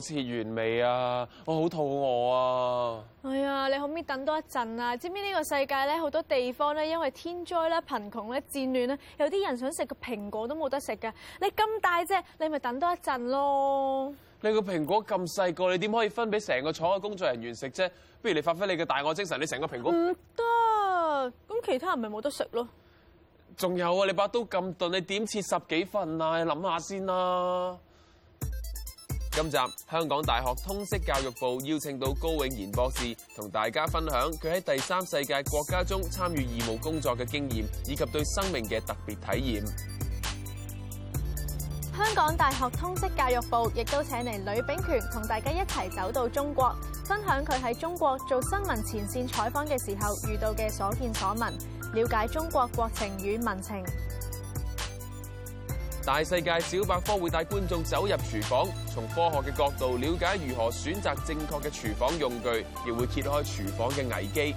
切完未啊？我好肚餓啊！哎呀，你可唔可以等多一陣啊？知唔知呢個世界咧，好多地方咧，因為天災啦、貧窮啦、戰亂啦，有啲人想食個蘋果都冇得食嘅。你咁大隻，你咪等多一陣咯。你個蘋果咁細個，你點可以分俾成個廠嘅工作人員食啫？不如你發揮你嘅大我精神，你成個蘋果唔得，咁其他人咪冇得食咯。仲有啊！你把刀咁鈍，你點切十幾份啊？你諗下先啦、啊。今集香港大學通識教育部邀請到高永賢博士同大家分享佢喺第三世界國家中參與義務工作嘅經驗，以及對生命嘅特別體驗。香港大學通識教育部亦都請嚟呂秉權同大家一齊走到中國，分享佢喺中國做新聞前線採訪嘅時候遇到嘅所見所聞，了解中國國情與民情。大世界小百科會帶觀眾走入廚房，從科學嘅角度了解如何選擇正確嘅廚房用具，亦會揭開廚房嘅危機。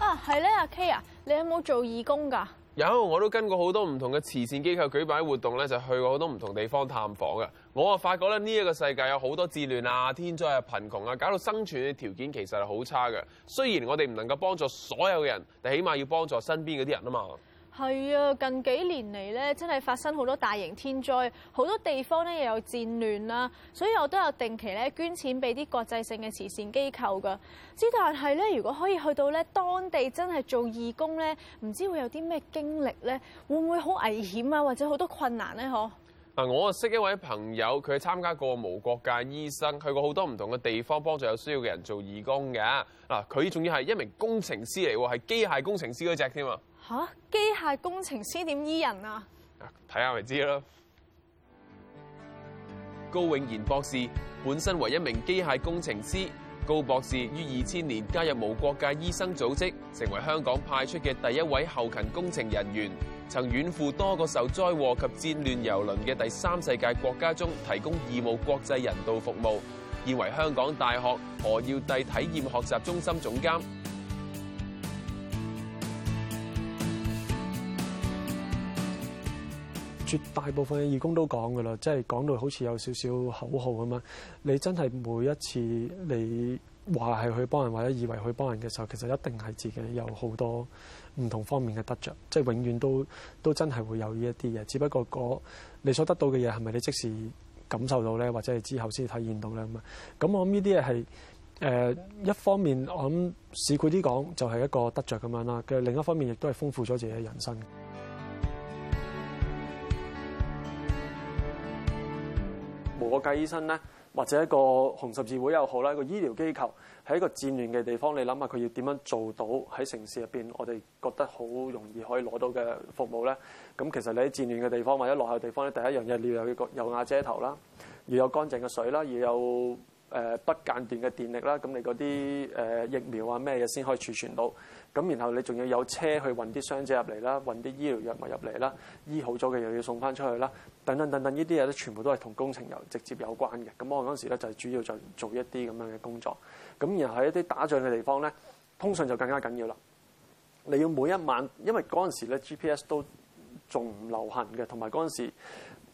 啊，係咧，阿 K 啊，你有冇做義工噶？有，我都跟過好多唔同嘅慈善機構舉辦活動咧，就去過好多唔同地方探訪嘅。我啊發覺咧，呢一個世界有好多戰亂啊、天災啊、貧窮啊，搞到生存嘅條件其實係好差嘅。雖然我哋唔能夠幫助所有嘅人，但起碼要幫助身邊嗰啲人啊嘛。係啊，近幾年嚟咧，真係發生好多大型天災，好多地方咧又有戰亂啦。所以我都有定期咧捐錢俾啲國際性嘅慈善機構㗎。之但係咧，如果可以去到咧當地，真係做義工咧，唔知會有啲咩經歷咧，會唔會好危險啊？或者好多困難咧、啊？嗬？嗱，我啊識一位朋友，佢參加過無國界醫生，去過好多唔同嘅地方幫助有需要嘅人做義工嘅。嗱，佢仲要係一名工程師嚟喎，係機械工程師嗰隻添啊！吓、啊，機械工程師點醫人啊？睇下咪知咯。高永賢博士本身為一名機械工程師，高博士於二千年加入無國界醫生組織，成為香港派出嘅第一位後勤工程人員，曾遠赴多個受災禍及戰亂蹂躪嘅第三世界國家中提供義務國際人道服務，現為香港大學何耀棣體驗學習中心總監。絕大部分嘅義工都講嘅啦，即係講到好似有少少口號咁樣。你真係每一次你話係去幫人或者以為去幫人嘅時候，其實一定係自己有好多唔同方面嘅得着，即係永遠都都真係會有呢一啲嘢。只不過嗰你所得到嘅嘢係咪你即時感受到咧，或者係之後先體驗到咧咁啊？咁我諗呢啲嘢係誒一方面，我諗市儈啲講就係、是、一個得着咁樣啦。嘅另一方面亦都係豐富咗自己嘅人生。我無國界醫生咧，或者一個紅十字會又好啦，一個醫療機構喺一個戰亂嘅地方，你諗下佢要點樣做到喺城市入邊，我哋覺得好容易可以攞到嘅服務咧。咁其實你喺戰亂嘅地方或者落後嘅地方咧，第一樣嘢你要有個有瓦遮頭啦，要有乾淨嘅水啦，要有，誒、呃、不間斷嘅電力啦，咁你嗰啲、呃、疫苗啊咩嘢先可以儲存到？咁然後你仲要有車去運啲傷者入嚟啦，運啲醫療藥物入嚟啦，醫好咗嘅又要送翻出去啦，等等等等，呢啲嘢咧，全部都係同工程又直接有關嘅。咁我嗰陣時咧就主要就做一啲咁樣嘅工作。咁然後喺一啲打仗嘅地方咧，通訊就更加緊要啦。你要每一晚，因為嗰陣時咧 GPS 都仲唔流行嘅，同埋嗰陣時。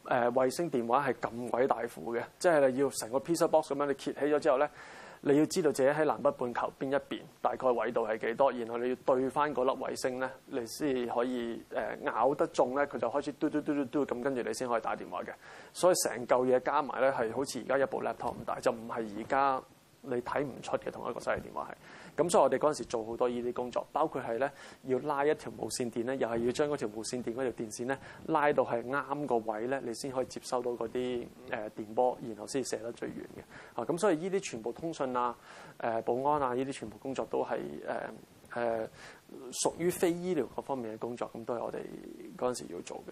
誒、呃、衛星電話係咁鬼大苦嘅，即係你要成個 pizza box 咁樣你揭起咗之後咧，你要知道自己喺南北半球邊一邊，大概緯度係幾多少，然後你要對翻嗰粒衛星咧，你先可以誒、呃、咬得中咧，佢就開始嘟嘟嘟嘟嘟咁，跟住你先可以打電話嘅。所以成嚿嘢加埋咧，係好似而家一部 laptop 咁大，就唔係而家你睇唔出嘅同一個犀利電話係。咁所以我哋嗰陣時做好多呢啲工作，包括係咧要拉一條無線電咧，又係要將嗰條無線電嗰條電線咧拉到係啱個位咧，你先可以接收到嗰啲誒電波，然後先射得最遠嘅。啊，咁所以呢啲全部通訊啊、誒、呃、保安啊呢啲全部工作都係誒誒屬於非醫療各方面嘅工作，咁都係我哋嗰陣時要做嘅。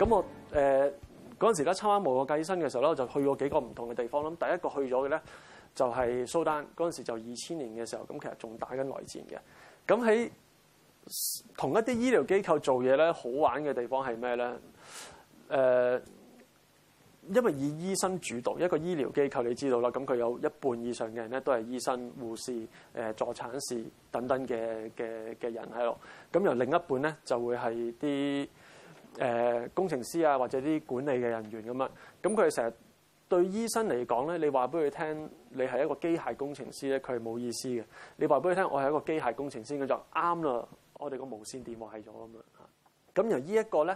咁我誒。呃嗰陣時咧參加無國界醫生嘅時候咧，我就去過幾個唔同嘅地方。咁第一個去咗嘅咧，就係蘇丹。嗰陣時就二千年嘅時候，咁其實仲打緊內戰嘅。咁喺同一啲醫療機構做嘢咧，好玩嘅地方係咩咧？誒，因為以醫生主導一個醫療機構，你知道啦，咁佢有一半以上嘅人咧都係醫生、護士、誒助產士等等嘅嘅嘅人喺度。咁由另一半咧就會係啲誒、呃、工程師啊，或者啲管理嘅人員咁樣，咁佢哋成日對醫生嚟講咧，你話俾佢聽，你係一個機械工程師咧，佢冇意思嘅。你話俾佢聽，我係一個機械工程師，佢就啱啦。我哋個我無線電話係咗咁樣嚇。咁由呢一個咧，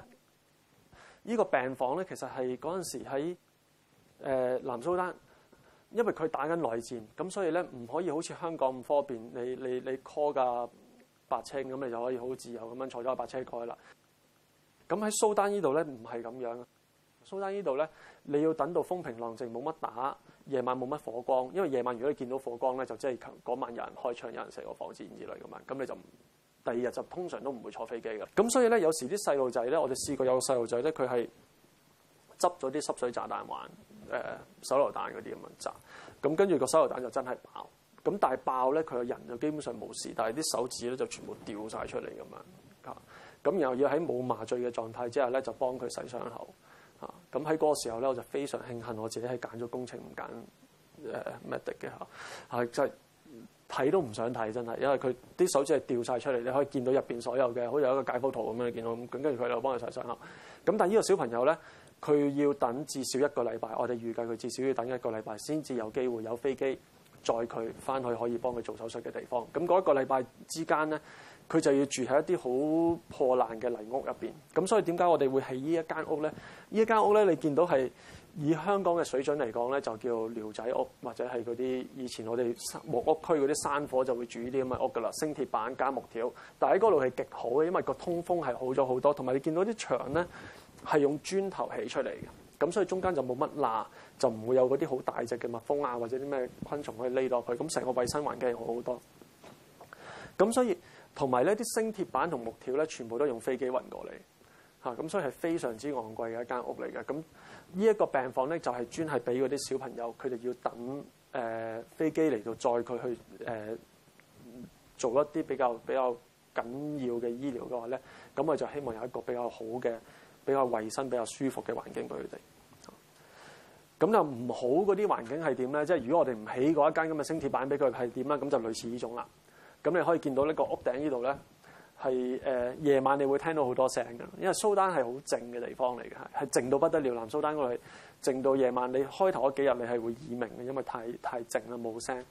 呢、這個病房咧，其實係嗰陣時喺誒、呃、南蘇丹，因為佢打緊內戰，咁所以咧唔可以好似香港咁方便，你你你 call 架白青咁你就可以好自由咁樣坐咗喺白車過去啦。咁喺蘇丹呢度咧，唔係咁樣。蘇丹呢度咧，你要等到風平浪靜，冇乜打，夜晚冇乜火光，因為夜晚如果你見到火光咧，就即係嗰晚有人開槍，有人射個火箭之類咁樣，咁你就第二日就通常都唔會坐飛機啦。咁所以咧，有時啲細路仔咧，我哋試過有個細路仔咧，佢係執咗啲濕水炸彈玩，呃、手榴彈嗰啲咁樣炸。咁跟住個手榴彈就真係爆。咁但係爆咧，佢個人就基本上冇事，但係啲手指咧就全部掉晒出嚟咁樣。.咁然後要喺冇麻醉嘅狀態之下咧，就幫佢洗傷口。咁喺嗰個時候咧，我就非常慶幸我自己係揀咗工程唔揀誒 medic 嘅嚇，係真係睇都唔想睇，真係，因為佢啲手指係掉晒出嚟，你可以見到入面所有嘅，好似有一個解剖圖咁樣見到。咁跟住佢就幫佢洗傷口。咁但係呢個小朋友咧，佢要等至少一個禮拜，我哋預計佢至少要等一個禮拜先至有機會有飛機載佢翻去可以幫佢做手術嘅地方。咁嗰一個禮拜之間咧。佢就要住喺一啲好破爛嘅泥屋入面。咁所以點解我哋會起呢一間屋咧？呢一間屋咧，你見到係以香港嘅水準嚟講咧，就叫寮仔屋，或者係嗰啲以前我哋木屋區嗰啲山火就會住呢啲咁嘅屋噶啦，升鐵板加木條。但喺嗰度係極好嘅，因為個通風係好咗好多，同埋你見到啲牆咧係用磚頭起出嚟嘅，咁所以中間就冇乜罅，就唔會有嗰啲好大隻嘅蜜蜂啊，或者啲咩昆蟲可以匿落去。咁成個衞生環境又好好多。咁所以。同埋呢啲星鐵板同木條咧，全部都用飛機運過嚟，咁，所以係非常之昂貴嘅一間屋嚟嘅。咁呢一個病房咧，就係、是、專係俾嗰啲小朋友，佢哋要等、呃、飛機嚟到載佢去、呃、做一啲比較比較緊要嘅醫療嘅話咧，咁我就希望有一個比較好嘅、比較衛生、比較舒服嘅環境俾佢哋。咁就唔好嗰啲環境係點咧？即係如果我哋唔起嗰一間咁嘅星鐵板俾佢，係點啦？咁就類似呢種啦。咁你可以見到呢個屋頂呢度咧，係誒夜晚你會聽到好多聲㗎，因為蘇丹係好靜嘅地方嚟嘅嚇，係靜到不得了。南蘇丹嗰度靜到夜晚，你開頭嗰幾日你係會耳鳴嘅，因為太太靜啦，冇聲。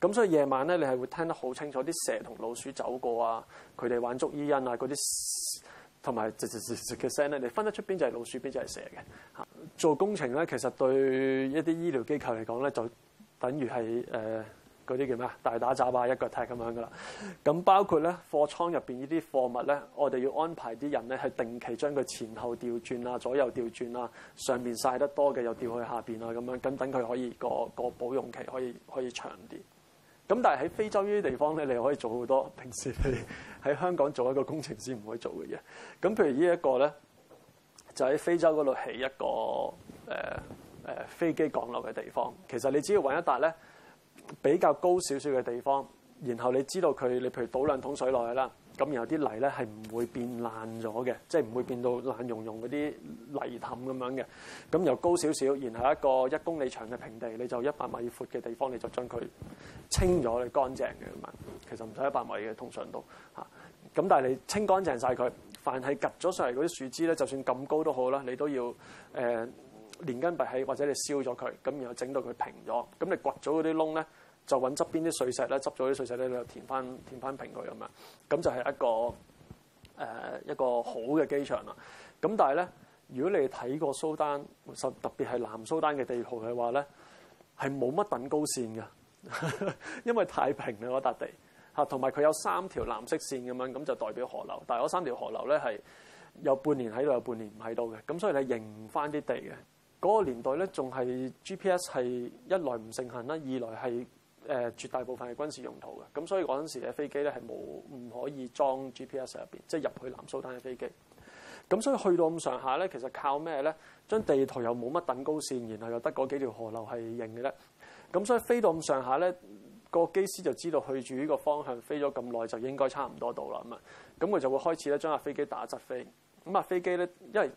咁所以夜晚咧，你係會聽得好清楚啲蛇同老鼠走過啊，佢哋玩捉伊因啊嗰啲，同埋吱吱吱吱嘅聲咧，你分得出邊就係老鼠，邊就係蛇嘅嚇。做工程咧，其實對一啲醫療機構嚟講咧，就等於係誒。嗰啲叫咩？大打雜啊，一腳踢咁樣噶啦。咁包括咧，貨倉入面呢啲貨物咧，我哋要安排啲人咧係定期將佢前後調轉啊，左右調轉啊，上面曬得多嘅又調去下邊啊，咁樣咁等佢可以個個保用期可，可以可以長啲。咁但係喺非洲呢啲地方咧，你可以做好多平時你喺香港做一個工程師唔可以做嘅嘢。咁譬如呢一個咧，就喺非洲嗰度起一個誒誒飛機降落嘅地方。其實你只要揾一笪咧。比較高少少嘅地方，然後你知道佢，你譬如倒兩桶水落去啦，咁然後啲泥咧係唔會變爛咗嘅，即係唔會變到爛溶溶嗰啲泥氹咁樣嘅。咁又高少少，然後一個一公里長嘅平地，你就一百米闊嘅地方，你就將佢清咗，你乾淨嘅嘛。其實唔使一百米嘅，通常都嚇。咁但係你清乾淨晒佢，凡係及咗上嚟嗰啲樹枝咧，就算咁高都好啦，你都要誒。呃連根拔起，或者你燒咗佢，咁然後整到佢平咗，咁你掘咗嗰啲窿咧，就搵側邊啲碎石咧，執咗啲碎石咧，就填翻填翻平佢咁樣，咁就係一個、呃、一個好嘅機場啦。咁但係咧，如果你睇過蘇丹，特別係南蘇丹嘅地圖嘅話咧係冇乜等高線㗎， 因為太平啦嗰笪地吓，同埋佢有三條藍色線咁樣，咁就代表河流，但係嗰三條河流咧係有半年喺度，有半年唔喺度嘅，咁所以你認唔翻啲地嘅。嗰個年代咧，仲係 GPS 係一來唔盛行啦，二來係誒、呃、絕大部分係軍事用途嘅，咁所以嗰陣時嘅飛機咧係冇唔可以裝 GPS 入邊，即係入去南蘇丹嘅飛機。咁所以去到咁上下咧，其實靠咩咧？將地圖又冇乜等高線，然後又得嗰幾條河流係認嘅咧。咁所以飛到咁上下咧，個機師就知道去住呢個方向飛咗咁耐，就應該差唔多到啦。咁啊，咁佢就會開始咧將架飛機打側飛。咁啊飛機咧，因為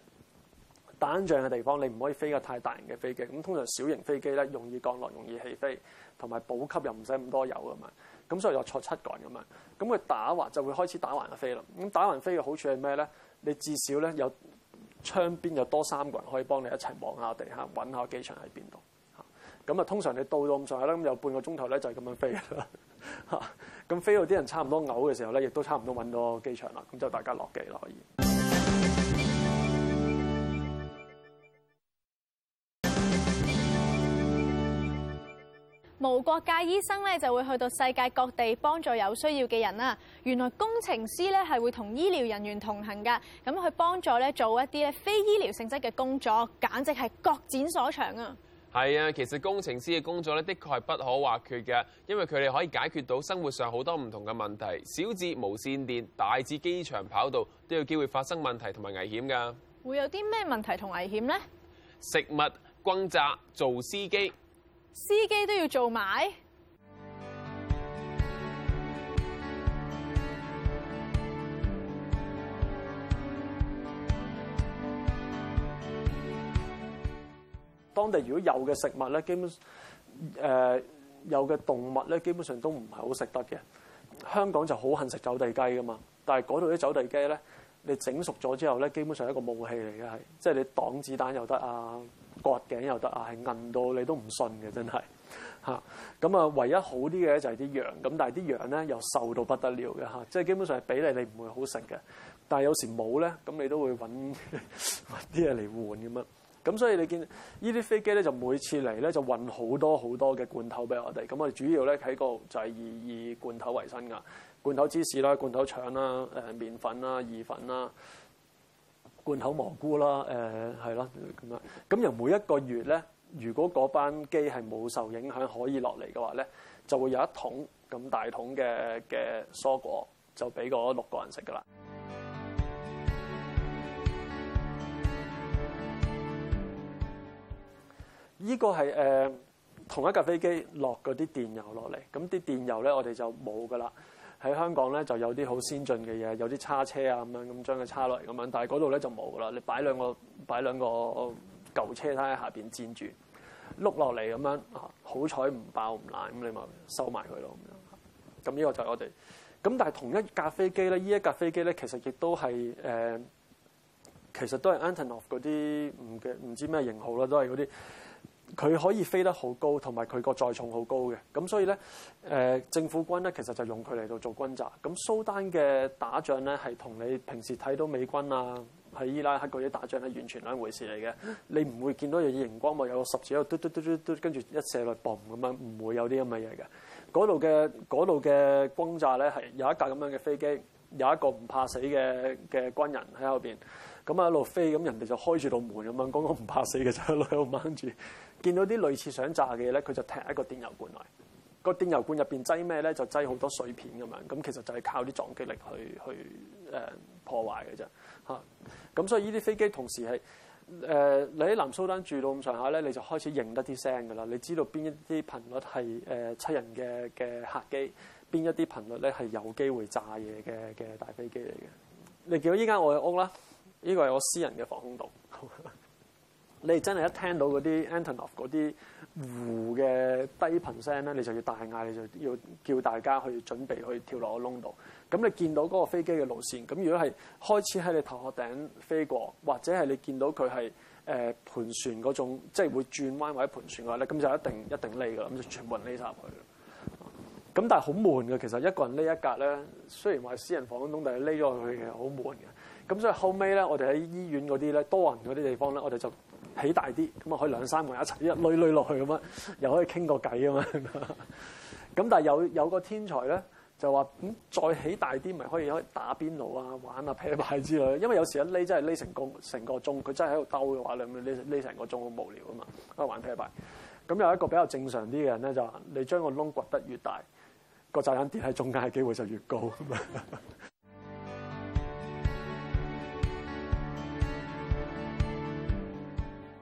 打仗嘅地方，你唔可以飛個太大型嘅飛機。咁通常小型飛機咧，容易降落、容易起飛，同埋補給又唔使咁多油噶嘛。咁所以我坐七個人咁樣，咁佢打橫就會開始橫打橫飛啦。咁打橫飛嘅好處係咩咧？你至少咧有窗邊有多三個人可以幫你一齊望下地下，揾下機場喺邊度嚇。咁啊，通常你到到咁上下啦，咁有半個鐘頭咧就係咁樣飛啦嚇。咁飛到啲人差唔多嘔嘅時候咧，亦都差唔多揾到機場啦。咁就大家落機啦，可以。無國界醫生咧就會去到世界各地幫助有需要嘅人啦。原來工程師咧係會同醫療人員同行㗎，咁去幫助咧做一啲非醫療性質嘅工作，簡直係各展所長啊！係啊，其實工程師嘅工作咧，的確係不可或缺嘅，因為佢哋可以解決到生活上好多唔同嘅問題，小至無線電，大至機場跑道，都有機會發生問題同埋危險㗎。會有啲咩問題同危險呢？食物、轟炸，做司機。司機都要做埋。當地如果有嘅食物咧，基本誒、呃、有嘅動物咧，基本上都唔係好食得嘅。香港就好恨食走地雞噶嘛，但係嗰度啲走地雞咧，你整熟咗之後咧，基本上係一個武器嚟嘅係，即、就、係、係、你擋子彈又得啊！割頸又得啊，係硬到你都唔信嘅，真係嚇咁啊，啊，唯一好啲嘅就係啲羊，咁但係啲羊咧又瘦到不得了嘅、啊、即係基本上係俾你你唔會好食嘅。但係有時冇咧，咁你都會搵啲嘢嚟換咁樣。咁、啊、所以你見呢啲飛機咧就每次嚟咧就運好多好多嘅罐頭俾我哋，咁我哋主要咧喺個就係以，以罐頭為生㗎，罐頭芝士啦、罐頭腸啦、誒、呃、麵粉啦、意粉啦。啊罐頭蘑菇啦，誒係啦。咁樣，咁由每一個月咧，如果嗰班機係冇受影響可以落嚟嘅話咧，就會有一桶咁大桶嘅嘅蔬果就俾嗰六個人食噶啦。依個係誒同一架飛機落嗰啲電油落嚟，咁啲電油咧我哋就冇噶啦。喺香港咧就有啲好先進嘅嘢，有啲叉車啊，咁樣咁將佢叉落嚟，咁樣。但係嗰度咧就冇啦，你擺兩個擺兩個舊車喺下邊纏住，碌落嚟咁樣啊，好彩唔爆唔爛咁，你咪收埋佢咯咁樣。咁呢個就係我哋咁，但係同一架飛機咧，呢一架飛機咧，其實亦都係其實都係 Antonov 嗰啲唔唔知咩型號啦，都係嗰啲。佢可以飛得好高，同埋佢個載重好高嘅，咁所以咧，誒、呃、政府軍咧，其實就用佢嚟到做轟炸。咁蘇丹嘅打仗咧，係同你平時睇到美軍啊喺伊拉克嗰啲打仗係完全兩回事嚟嘅。你唔會見到有熒光幕有，有十字，喺度嘟嘟嘟嘟嘟，跟住一射落嘣咁樣，唔會有啲咁嘅嘢嘅。嗰度嘅嗰度嘅轟炸咧係有一架咁樣嘅飛機，有一個唔怕死嘅嘅軍人喺後邊，咁啊一路飛，咁人哋就開住道門咁樣，嗰個唔怕死嘅就喺度掹住。見到啲類似想炸嘅嘢咧，佢就踢一個電油罐嚟。個電油罐入邊擠咩咧？就擠好多碎片咁樣。咁其實就係靠啲撞擊力去去誒、呃、破壞嘅啫。嚇、啊！咁所以呢啲飛機同時係誒、呃、你喺南蘇丹住到咁上下咧，你就開始認得啲聲噶啦。你知道邊一啲頻率係誒、呃、七人嘅嘅客機，邊一啲頻率咧係有機會炸嘢嘅嘅大飛機嚟嘅。你見到依間我嘅屋啦，呢、呢個係我私人嘅防空洞。 你哋真係一聽到嗰啲 Antonov 嗰啲湖嘅低頻聲咧，你就要大嗌，你就要叫大家去準備去跳落個窿度。咁你見到嗰個飛機嘅路線，咁如果係開始喺你頭殼頂飛過，或者係你見到佢係、呃、盤旋嗰種，即係會轉彎或者盤旋嘅話咧，咁就一定一定匿㗎。咁就全部人匿晒入去。咁但係好悶㗎。其實一個人匿一格咧，雖然話私人防空洞但係匿咗落去嘅好悶嘅。咁所以後尾咧，我哋喺醫院嗰啲咧，多人嗰啲地方咧，我哋就，起大啲，咁啊可以兩三個一齊一累累落去咁啊，又可以傾個偈啊嘛。咁但係有有個天才咧，就話：再起大啲，咪可以以打邊爐啊、玩啊、啤牌之類。因為有時一匿，真係匿成個成個鐘，佢真係喺度兜嘅話，你咪匿成個鐘好無聊啊嘛。玩啤牌。咁有一個比較正常啲嘅人咧，就話：你將個窿掘得越大，個炸彈跌喺中間嘅機會就越高。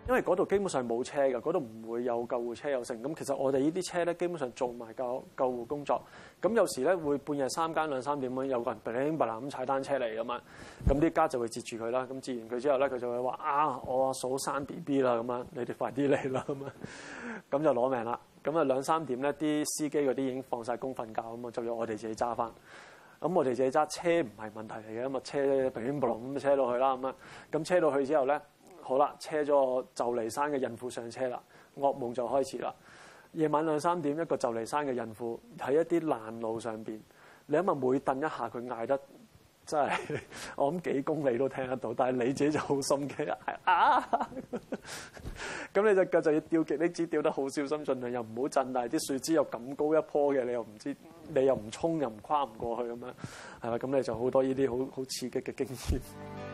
因為嗰度基本上冇車嘅，嗰度唔會有救護車，有剩咁。其實我哋呢啲車咧，基本上做埋救救護工作。咁有時咧會、eh、半夜三更兩三點咁，有個人乒乒乓啷咁踩單車嚟咁嘛。咁啲家就會截住佢啦。咁截完佢之後咧，佢就會話：啊，我阿嫂生 BB 啦咁啊，你哋快啲嚟啦咁啊。咁就攞命啦。咁啊兩三點咧，啲司機嗰啲已經放晒工瞓覺咁，嘛，就由我哋自己揸翻。咁我哋自己揸車唔係問題嚟嘅啊嘛，車乒乓咁車到去啦咁啊。咁車到去之後咧。好啦，車咗就嚟生嘅孕婦上車啦，噩夢就開始啦。夜晚兩三點，一個就嚟生嘅孕婦喺一啲爛路上面。你諗下每蹬一下佢嗌得真係，我諗幾公里都聽得到。但係你自己就好心機，啊咁 你就繼續要吊極啲枝，你只吊得好小心，儘量又唔好震，但係啲樹枝又咁高一樖嘅，你又唔知，你又唔衝又唔跨唔過去咁樣，係嘛，咁你就好多呢啲好好刺激嘅經驗。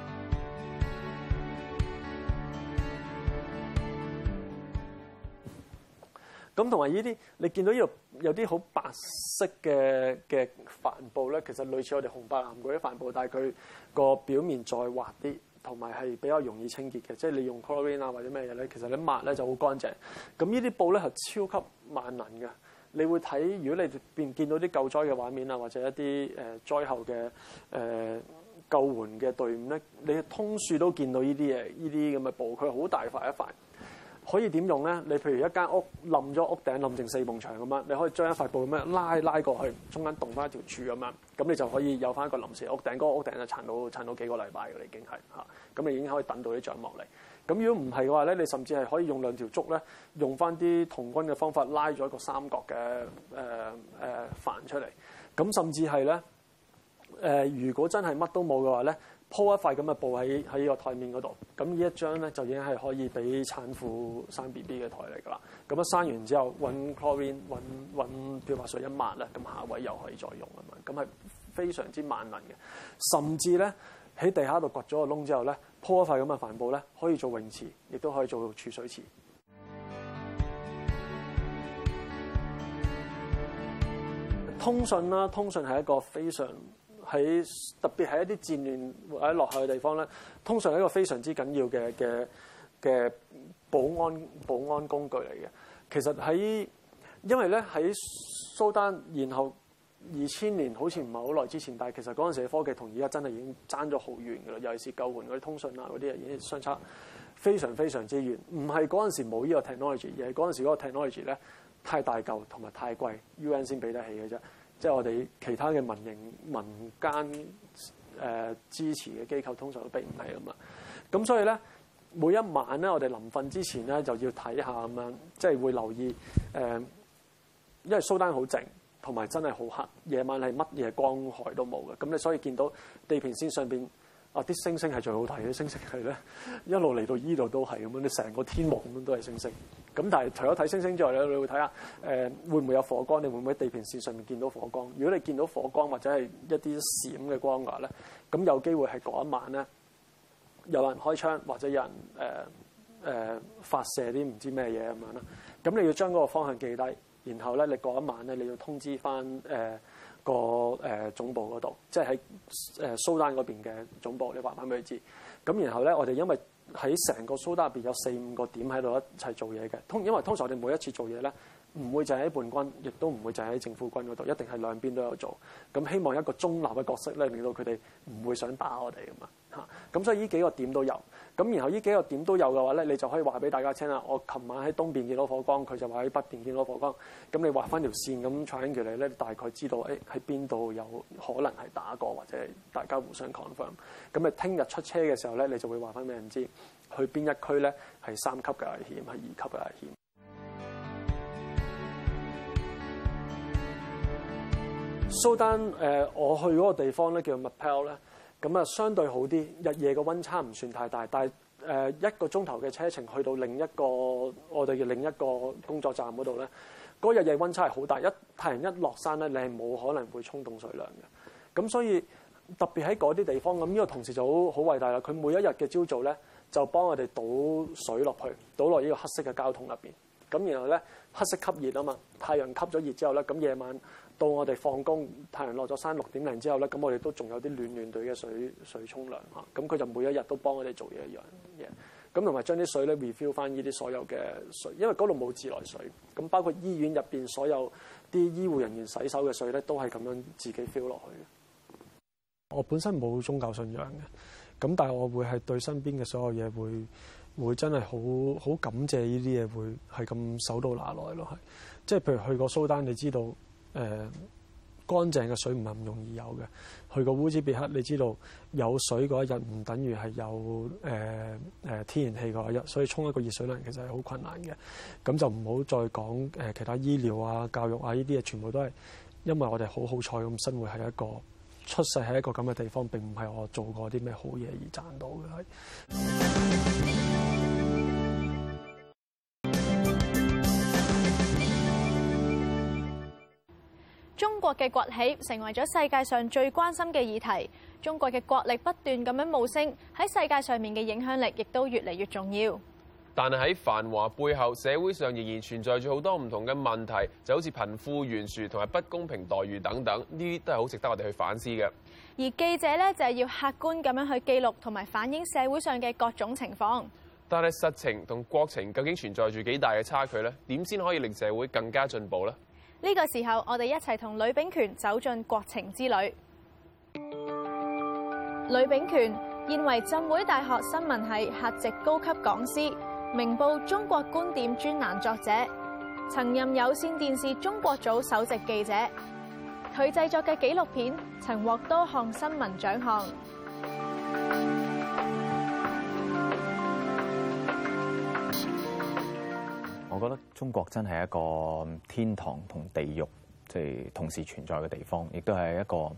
咁同埋呢啲，你見到呢度有啲好白色嘅嘅帆布咧，其實類似我哋紅白藍嗰啲帆布，但係佢個表面再滑啲，同埋係比較容易清潔嘅。即係你用 chlorine 啊或者咩嘢咧，其實你抹咧就好乾淨。咁呢啲布咧係超級萬能嘅。你會睇，如果你見見到啲救災嘅畫面啊，或者一啲誒、呃、災後嘅誒、呃、救援嘅隊伍咧，你通處都見到呢啲嘢，呢啲咁嘅布，佢好大塊一塊。可以點用咧？你譬如一間屋冧咗屋頂，冧成四埲牆咁樣，你可以將一塊布咁樣拉拉過去，中間動翻一條柱咁樣，咁你就可以有翻一個臨時屋頂。嗰、那個屋頂就撐到撐到幾個禮拜嘅，已經係嚇。咁你已經可以等到啲帳幕嚟。咁如果唔係嘅話咧，你甚至係可以用兩條竹咧，用翻啲童軍嘅方法拉咗一個三角嘅誒、呃呃、帆出嚟。咁甚至係咧、呃，如果真係乜都冇嘅話咧。鋪一塊咁嘅布喺喺呢個台面嗰度，咁呢一張咧就已經係可以俾產婦生 B B 嘅台嚟㗎啦。咁一生完之後揾 Corin 揾揾漂白水一抹啦，咁下一位又可以再用啊嘛。咁係非常之萬能嘅，甚至咧喺地下度掘咗個窿之後咧，鋪一塊咁嘅帆布咧，可以做泳池，亦都可以做儲水池。通訊啦，通訊係一個非常。喺特別係一啲戰亂或者落後嘅地方咧，通常係一個非常之緊要嘅嘅嘅保安、保安工具嚟嘅。其實喺因為咧喺蘇丹，然後二千年好似唔係好耐之前，但係其實嗰陣時嘅科技同而家真係已經爭咗好遠噶啦。尤其是救援嗰啲通訊啊嗰啲，已經相差非常非常之遠。唔係嗰陣時冇呢個 technology，而係嗰陣時嗰個 technology 咧太大嚿同埋太貴，UN 先俾得起嘅啫。即係我哋其他嘅民營、民間、呃、支持嘅機構，通常都並唔係啊嘛。咁所以咧，每一晚咧，我哋臨瞓之前咧，就要睇下咁樣，即、嗯、係、就是、會留意、呃、因為蘇丹好靜，同埋真係好黑，夜晚係乜嘢光害都冇嘅。咁你所以見到地平線上面。啊！啲星星係最好睇嘅，星星係咧一路嚟到依度都係咁樣，你成個天幕咁樣都係星星。咁但係除咗睇星星之外咧，你會睇下誒會唔會有火光？你會唔會喺地平線上面見到火光？如果你見到火光或者係一啲閃嘅光華咧，咁有機會係嗰一晚咧有人開槍或者有人誒誒、呃呃、發射啲唔知咩嘢咁樣啦。咁你要將嗰個方向記低，然後咧你嗰一晚咧你要通知翻誒。呃個誒總部嗰度，即係喺誒蘇丹嗰邊嘅總部，你話翻俾佢知咁。然後咧，我哋因為喺成個蘇丹入邊有四五個點喺度一齊做嘢嘅，通因為通常我哋每一次做嘢咧。唔會就喺叛軍，亦都唔會就喺政府軍嗰度，一定係兩邊都有做。咁希望一個中立嘅角色咧，令到佢哋唔會想打我哋咁。吓！咁所以呢幾個點都有。咁然後呢幾個點都有嘅話咧，你就可以話俾大家聽啦。我琴晚喺東邊見到火光，佢就話喺北邊見到火光。咁你畫翻條線咁 check in 佢哋咧，大概知道喺邊度有可能係打過，或者大家互相 confirm。咁你聽日出車嘅時候咧，你就會話翻俾人知，去邊一區咧係三級嘅危險，係二級嘅危險。蘇丹誒，我去嗰個地方咧，叫 Mapel 咧，咁啊，相對好啲，日夜嘅溫差唔算太大。但係誒一個鐘頭嘅車程去到另一個我哋嘅另一個工作站嗰度咧，嗰、那個、日夜溫差係好大。一太陽一落山咧，你係冇可能會沖凍水量嘅。咁所以特別喺嗰啲地方咁，呢、這個同事就好好偉大啦。佢每一日嘅朝早咧，就幫我哋倒水落去，倒落呢個黑色嘅交通入面。咁然後咧，黑色吸熱啊嘛，太陽吸咗熱之後咧，咁夜晚。到我哋放工，太陽落咗山六點零之後咧，咁我哋都仲有啲暖暖隊嘅水水沖涼嚇。咁、啊、佢就每一日都幫我哋做嘢一樣嘢，咁同埋將啲水咧 refill 翻呢啲所有嘅水，因為嗰度冇自來水。咁包括醫院入邊所有啲醫護人員洗手嘅水咧，都係咁樣自己 fill 落去嘅。我本身冇宗教信仰嘅，咁但係我會係對身邊嘅所有嘢會會真係好好感謝呢啲嘢，會係咁手到拿來咯，係即係譬如去過蘇丹，你知道。誒、呃、乾淨嘅水唔係唔容易有嘅。去個烏茲別克，你知道有水嗰一日唔等於係有誒誒、呃呃、天然氣嗰一日，所以沖一個熱水涼其實係好困難嘅。咁就唔好再講誒其他醫療啊、教育啊呢啲嘢，這些全部都係因為我哋好好彩咁生活喺一個出世喺一個咁嘅地方，並唔係我做過啲咩好嘢而賺到嘅。係。嘅崛起成為咗世界上最關心嘅議題，中國嘅國力不斷咁樣冒升，喺世界上面嘅影響力亦都越嚟越重要。但係喺繁華背後，社會上仍然存在住好多唔同嘅問題，就好似貧富懸殊同埋不公平待遇等等，呢啲都係好值得我哋去反思嘅。而記者咧，就係要客觀咁樣去記錄同埋反映社會上嘅各種情況。但係實情同國情究竟存在住幾大嘅差距咧？點先可以令社會更加進步咧？呢個時候，我哋一齊同呂秉權走進國情之旅。呂秉權現為浸會大學新聞系客席高級講師，明報《中國觀點》專欄作者，曾任有線電視中國組首席記者。佢製作嘅紀錄片曾獲多項新聞獎項。我覺得中國真係一個天堂同地獄，即係同時存在嘅地方，亦都係一個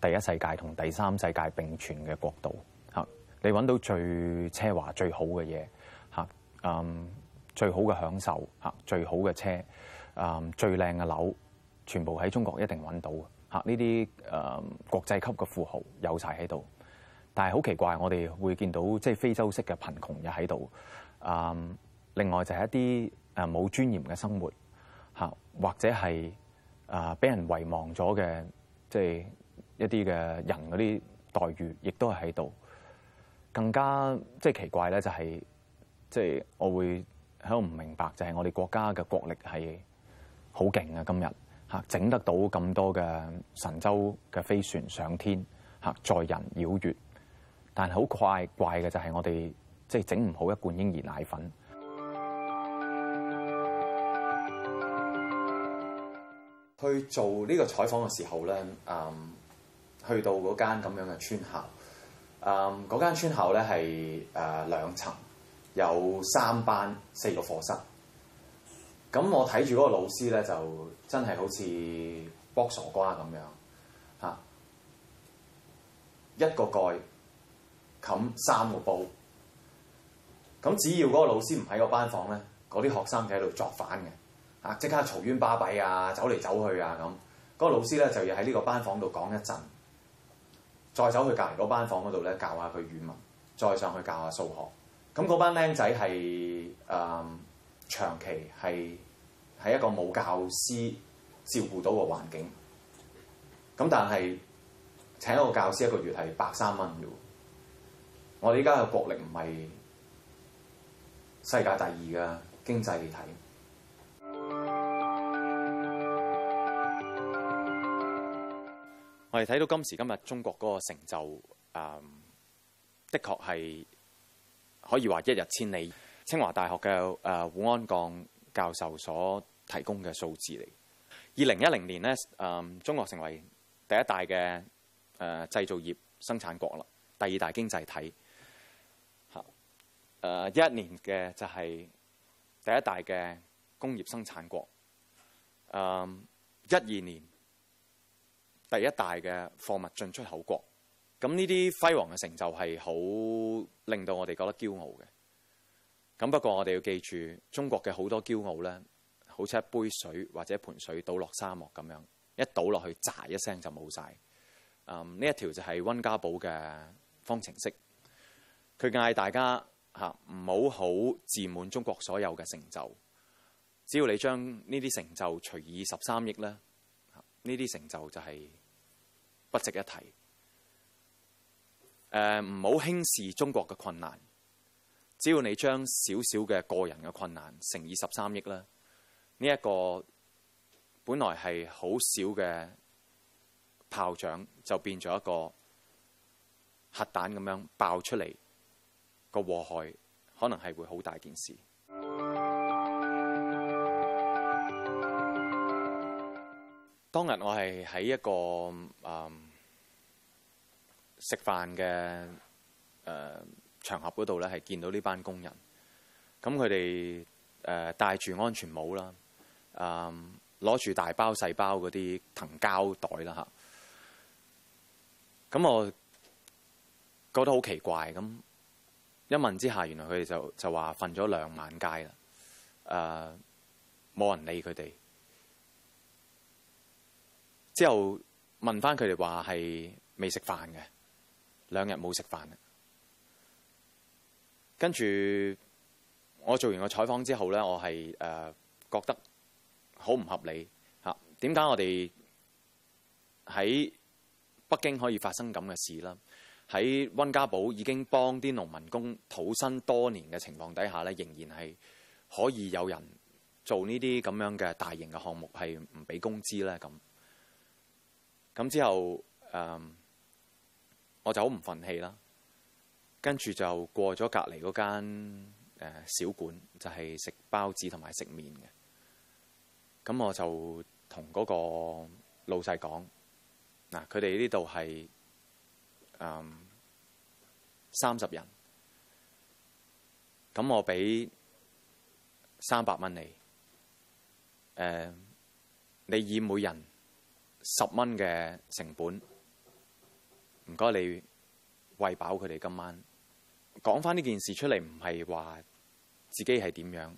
第一世界同第三世界並存嘅國度。嚇，你揾到最奢華最好嘅嘢，嚇，嗯，最好嘅享受，嚇，最好嘅車，嗯，最靚嘅樓，全部喺中國一定揾到。嚇，呢啲誒國際級嘅富豪有晒喺度，但係好奇怪，我哋會見到即係非洲式嘅貧窮又喺度。嗯，另外就係一啲。誒冇、啊、尊嚴嘅生活嚇、啊，或者係誒俾人遺忘咗嘅，即、就、係、是、一啲嘅人嗰啲待遇，亦都係喺度。更加即係、就是、奇怪咧、就是，就係即係我會喺度唔明白，就係我哋國家嘅國力係好勁啊！今日嚇整得到咁多嘅神舟嘅飛船上天嚇、啊、載人繞月，但係好怪怪嘅就係我哋即係整唔好一罐嬰兒奶粉。去做呢個採訪嘅時候咧，嗯，去到嗰間咁樣嘅村校，嗯，嗰間村校咧係誒兩層，有三班四個課室。咁我睇住嗰個老師咧，就真係好似卜傻瓜咁樣，嚇，一個蓋冚三個煲。咁只要嗰個老師唔喺個班房咧，嗰啲學生就喺度作反嘅。啊！即刻嘈冤巴閉啊，走嚟走去啊咁。嗰個老師咧就要喺呢個班房度講一陣，再走去隔離嗰班房嗰度咧教下佢語文，再上去教下數學。咁嗰班僆仔係誒長期係喺一個冇教師照顧到嘅環境。咁但係請一個教師一個月係百三蚊咋喎。我哋依家嘅國力唔係世界第二嘅經濟體。我哋睇到今時今日中國嗰個成就，誒、嗯，的確係可以話一日千里。清華大學嘅誒胡安鋼教授所提供嘅數字嚟。二零一零年呢，誒、嗯，中國成為第一大嘅誒製造業生產國啦，第二大經濟體。嚇、嗯，誒、呃、一一年嘅就係第一大嘅工業生產國。誒、嗯，一二年。第一大嘅貨物進出口國，咁呢啲輝煌嘅成就係好令到我哋覺得驕傲嘅。咁不過我哋要記住，中國嘅好多驕傲呢，好似一杯水或者一盆水倒落沙漠咁樣，一倒落去，喳一聲就冇晒。嗯，呢一條就係溫家寶嘅方程式，佢嗌大家嚇唔好好自滿中國所有嘅成就，只要你將呢啲成就除以十三億呢，啊，呢啲成就就係、是。不值一提。誒，唔好輕視中國嘅困難。只要你將少少嘅個人嘅困難乘以十三億咧，呢、這、一個本來係好少嘅炮仗，就變咗一個核彈咁樣爆出嚟，個禍害可能係會好大件事。當日我係喺一個誒、嗯、食飯嘅誒場合度咧，係見到呢班工人。咁佢哋誒戴住安全帽啦，誒攞住大包細包嗰啲藤膠袋啦嚇。咁、啊、我覺得好奇怪，咁一問之下，原來佢哋就就話瞓咗兩晚街啦，誒、呃、冇人理佢哋。之後問翻佢哋話係未食飯嘅兩日冇食飯，跟住我做完個採訪之後呢，我係誒、呃、覺得好唔合理嚇。啊、點解我哋喺北京可以發生咁嘅事啦？喺温家寶已經幫啲農民工討薪多年嘅情況底下呢，仍然係可以有人做呢啲咁樣嘅大型嘅項目係唔俾工資呢？咁。咁之後，嗯、我就好唔忿氣啦。跟住就過咗隔離嗰間、呃、小館，就係、是、食包子同埋食麵嘅。咁我就同嗰個老細講，嗱、呃，佢哋呢度係誒三十人。咁我俾三百蚊你，誒、呃，你以每人十蚊嘅成本，唔該你餵飽佢哋今晚講翻呢件事出嚟，唔係話自己係點樣，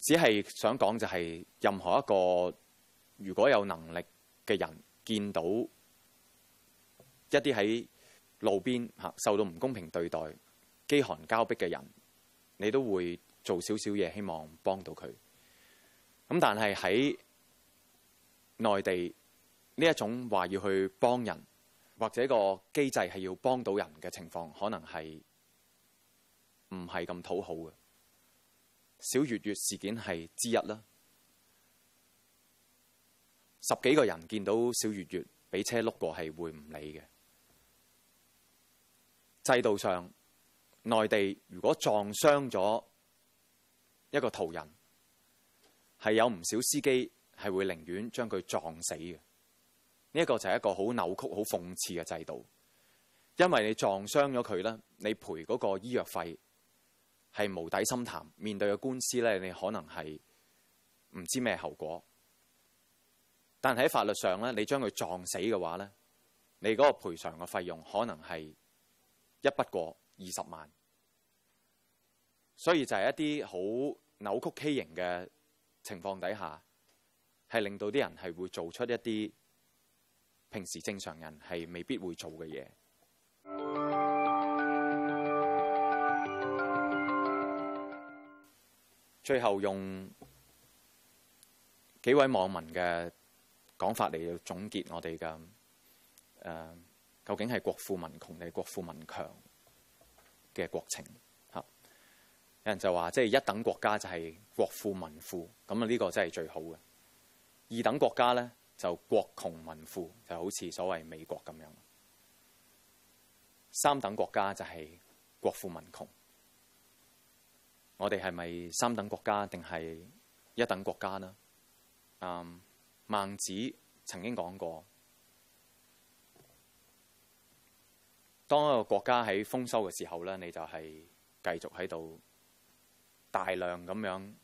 只係想講就係、是、任何一個如果有能力嘅人見到一啲喺路邊吓受到唔公平對待、飢寒交迫嘅人，你都會做少少嘢，希望幫到佢。咁但係喺內地。呢一種話要去幫人，或者個機制係要幫到人嘅情況，可能係唔係咁討好嘅。小悅悅事件係之一啦，十幾個人見到小悅悅俾車碌過係會唔理嘅。制度上，內地如果撞傷咗一個途人，係有唔少司機係會寧願將佢撞死嘅。呢一個就係一個好扭曲、好諷刺嘅制度，因為你撞傷咗佢咧，你賠嗰個醫藥費係無底深潭，面對嘅官司咧，你可能係唔知咩後果。但喺法律上咧，你將佢撞死嘅話咧，你嗰個賠償嘅費用可能係一筆過二十萬，所以就係一啲好扭曲畸形嘅情況底下，係令到啲人係會做出一啲。平時正常人係未必會做嘅嘢。最後用幾位網民嘅講法嚟到總結我哋嘅、啊、究竟係國富民窮定係國富民強嘅國情？嚇！有人就話，即係一等國家就係國富民富，咁啊呢個真係最好嘅。二等國家呢？就國窮民富，就好似所謂美國咁樣。三等國家就係國富民窮。我哋係咪三等國家定係一等國家呢？Um, 孟子曾經講過，當一個國家喺豐收嘅時候呢，你就係繼續喺度大量咁樣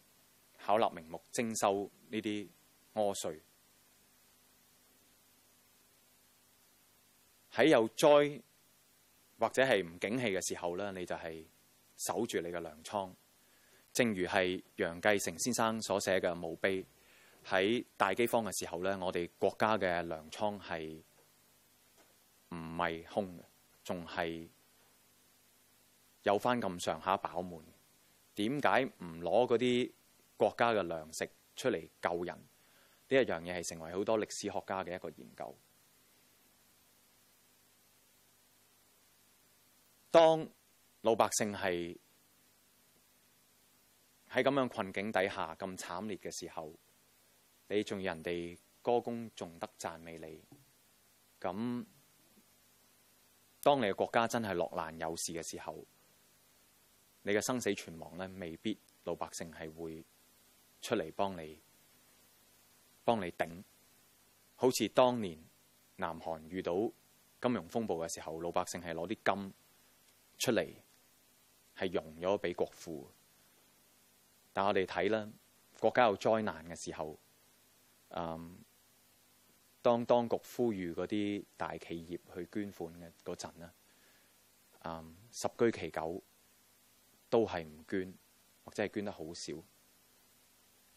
巧立名目徵收呢啲苛稅。喺有災或者係唔景氣嘅時候呢，你就係守住你嘅糧倉。正如係楊繼繩先生所寫嘅墓碑，喺大饑荒嘅時候呢，我哋國家嘅糧倉係唔係空嘅？仲係有翻咁上下飽滿。點解唔攞嗰啲國家嘅糧食出嚟救人？呢一樣嘢係成為好多歷史學家嘅一個研究。當老百姓係喺咁樣困境底下咁慘烈嘅時候，你仲要人哋歌功頌德讚美你咁？當你嘅國家真係落難有事嘅時候，你嘅生死存亡呢，未必老百姓係會出嚟幫你，幫你頂。好似當年南韓遇到金融風暴嘅時候，老百姓係攞啲金出嚟係融咗俾國庫，但我哋睇啦，國家有災難嘅時候，嗯，當當局呼籲嗰啲大企業去捐款嘅嗰陣，十居其九都係唔捐，或者係捐得好少，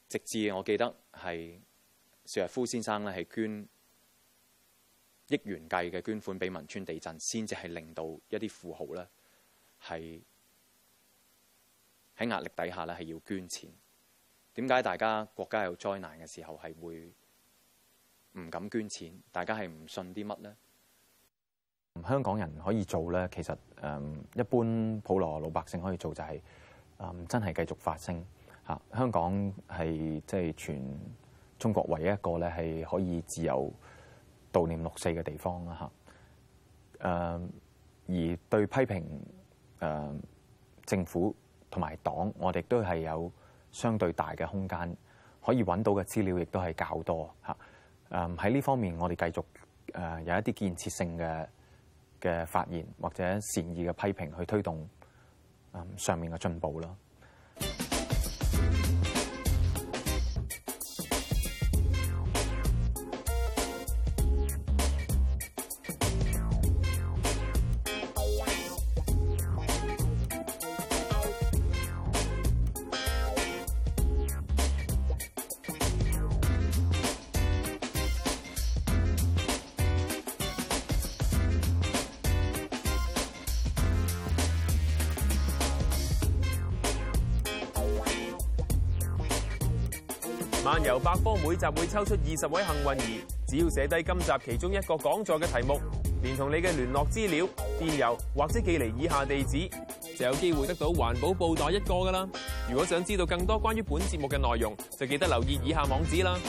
直至我記得係邵逸夫先生咧係捐億元計嘅捐款俾汶川地震，先至係令到一啲富豪咧。係喺壓力底下咧，係要捐錢。點解大家國家有災難嘅時候係會唔敢捐錢？大家係唔信啲乜咧？香港人可以做咧，其實誒一般普羅老百姓可以做就係、是、誒、嗯、真係繼續發聲嚇。香港係即係全中國唯一一個咧係可以自由悼念六四嘅地方啦嚇。誒、嗯、而對批評。誒政府同埋黨，我哋都係有相對大嘅空間，可以揾到嘅資料亦都係較多吓。誒喺呢方面，我哋繼續誒有一啲建設性嘅嘅發言或者善意嘅批評，去推動誒上面嘅進步啦。百科每集會抽出二十位幸運兒，只要寫低今集其中一個講座嘅題目，連同你嘅聯絡資料、電郵或者寄嚟以下地址，就有機會得到環保布袋一個㗎喇。如果想知道更多關於本節目嘅內容，就記得留意以下網址啦。